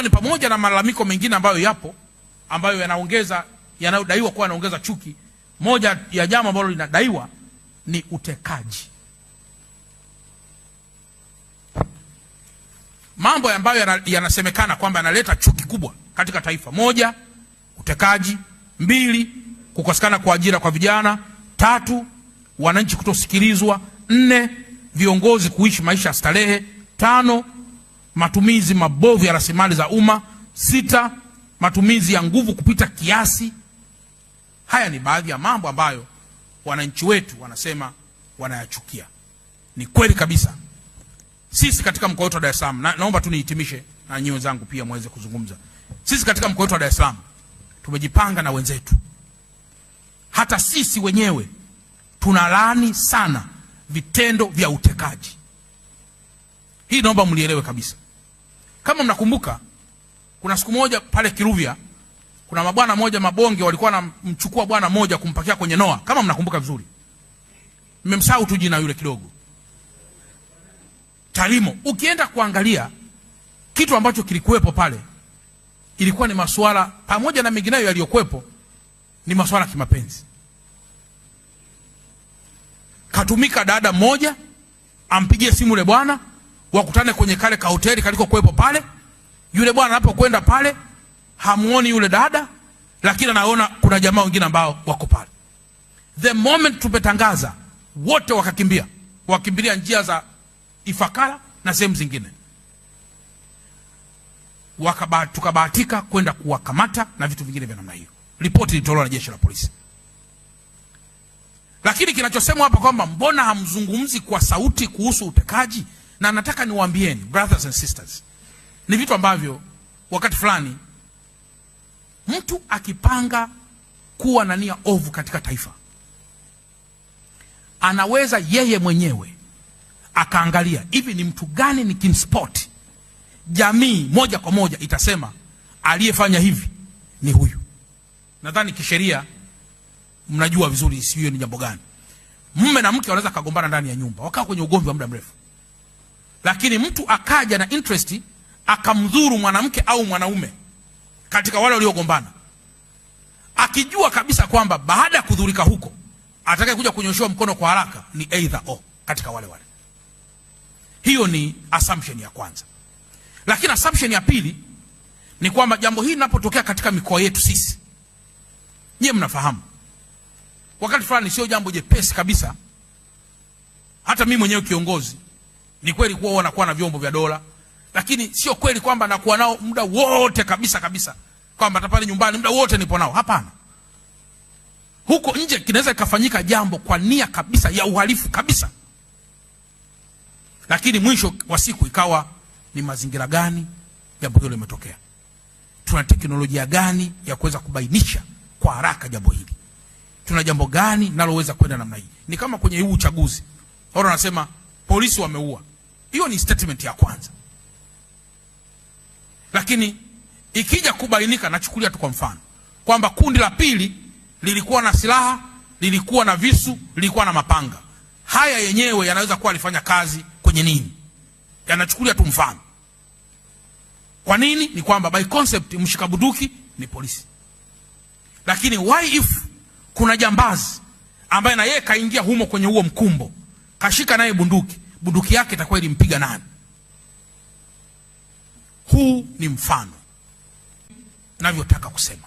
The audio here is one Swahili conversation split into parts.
ikiwa ni pamoja na malalamiko mengine ambayo yapo ambayo yanaongeza yanayodaiwa kuwa yanaongeza chuki. Moja ya jambo ambalo linadaiwa ni utekaji, mambo ambayo yanasemekana kwamba yanaleta chuki kubwa katika taifa. Moja, utekaji; mbili, kukosekana kwa ajira kwa vijana; tatu, wananchi kutosikilizwa; nne, viongozi kuishi maisha ya starehe; tano matumizi mabovu ya rasilimali za umma. Sita, matumizi ya nguvu kupita kiasi. Haya ni baadhi ya mambo ambayo wananchi wetu wanasema wanayachukia. Ni kweli kabisa. Sisi katika mkoa wetu wa Dar es Salaam na, naomba tu nihitimishe na nyinyi wenzangu pia muweze kuzungumza. Sisi katika mkoa wetu wa Dar es Salaam tumejipanga na wenzetu, hata sisi wenyewe tunalaani sana vitendo vya utekaji. Hii naomba mlielewe kabisa. Kama mnakumbuka kuna siku moja pale Kiruvya kuna mabwana moja mabonge walikuwa wanamchukua bwana moja kumpakia kwenye noa, kama mnakumbuka vizuri. Mmemsahau tu jina yule kidogo, Tarimo. Ukienda kuangalia kitu ambacho kilikuwepo pale, ilikuwa ni masuala pamoja na mengineyo yaliyokuwepo, ni masuala kimapenzi. Katumika dada mmoja ampigie simu yule bwana wakutane kwenye kale ka hoteli kaliko kuwepo pale. Yule bwana anapokwenda pale hamuoni yule dada, lakini anaona kuna jamaa wengine ambao wako pale. The moment tumetangaza, wote wakakimbia, wakimbilia njia za Ifakara na sehemu zingine, tukabahatika kwenda kuwakamata na vitu vingine vya namna hiyo. Ripoti ilitolewa na jeshi la polisi, lakini kinachosemwa hapa kwamba mbona hamzungumzi kwa sauti kuhusu utekaji na nataka niwaambieni brothers and sisters, ni vitu ambavyo wakati fulani mtu akipanga kuwa na nia ovu katika taifa anaweza yeye mwenyewe akaangalia hivi ni mtu gani ni kimspot, jamii moja kwa moja itasema aliyefanya hivi ni huyu. Nadhani kisheria mnajua vizuri, sio ni jambo gani. Mume na mke wanaweza kagombana ndani ya nyumba, wakaa kwenye ugomvi wa muda mrefu lakini mtu akaja na interest akamdhuru mwanamke au mwanaume katika wale waliogombana, akijua kabisa kwamba baada ya kudhurika huko atakaye kuja kunyoshewa mkono kwa haraka ni either or katika wale wale. Hiyo ni assumption ya kwanza, lakini assumption ya pili ni kwamba jambo hili linapotokea katika mikoa yetu sisi, nyie mnafahamu wakati fulani sio jambo jepesi kabisa. Hata mimi mwenyewe kiongozi ni kweli kuwa wanakuwa na vyombo vya dola, lakini sio kweli kwamba nakuwa nao muda wote kabisa kabisa, kwamba hata pale nyumbani muda wote nipo nao. Hapana, huko nje kinaweza kikafanyika jambo kwa nia kabisa ya uhalifu kabisa, lakini mwisho wa siku ikawa ni mazingira gani jambo hilo limetokea. Tuna teknolojia gani ya kuweza kubainisha kwa haraka jambo hili? Tuna jambo gani naloweza kwenda namna hii? Ni kama kwenye huu uchaguzi, wao wanasema polisi wameua hiyo ni statement ya kwanza, lakini ikija kubainika, nachukulia tu kwa mfano kwamba kundi la pili lilikuwa na silaha, lilikuwa na visu, lilikuwa na mapanga. Haya yenyewe yanaweza kuwa alifanya kazi kwenye nini, yanachukulia tu mfano. Kwa nini? Ni kwamba by concept mshika bunduki ni polisi, lakini why if kuna jambazi ambaye na yeye kaingia humo kwenye huo mkumbo, kashika naye bunduki bunduki yake itakuwa ilimpiga nani? Huu ni mfano navyotaka kusema,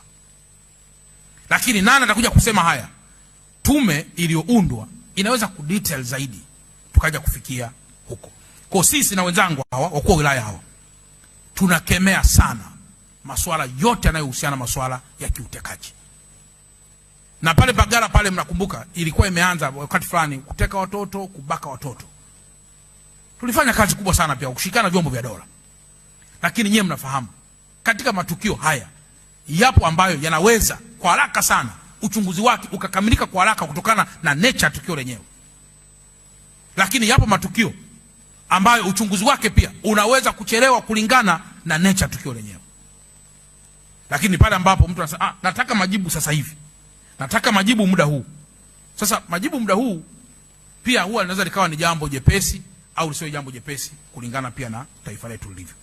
lakini nani atakuja kusema haya? Tume iliyoundwa inaweza kudetail zaidi, tukaja kufikia huko. Kwa sisi na wenzangu hawa wakuu wa wilaya hawa tunakemea sana masuala yote yanayohusiana masuala ya kiutekaji na pale Bagara pale, mnakumbuka ilikuwa imeanza wakati fulani kuteka watoto, kubaka watoto tulifanya kazi kubwa sana pia kushikana vyombo vya dola, lakini nyie mnafahamu katika matukio haya yapo ambayo yanaweza kwa haraka sana uchunguzi wake ukakamilika kwa haraka kutokana na nature tukio lenyewe, lakini yapo matukio ambayo uchunguzi wake pia unaweza kuchelewa kulingana na nature tukio lenyewe. Lakini pale ambapo mtu anasema ah, nataka majibu sasa hivi, nataka majibu muda huu. Sasa majibu muda huu pia huwa linaweza likawa ni jambo jepesi au sio jambo jepesi kulingana pia na taifa letu lilivyo.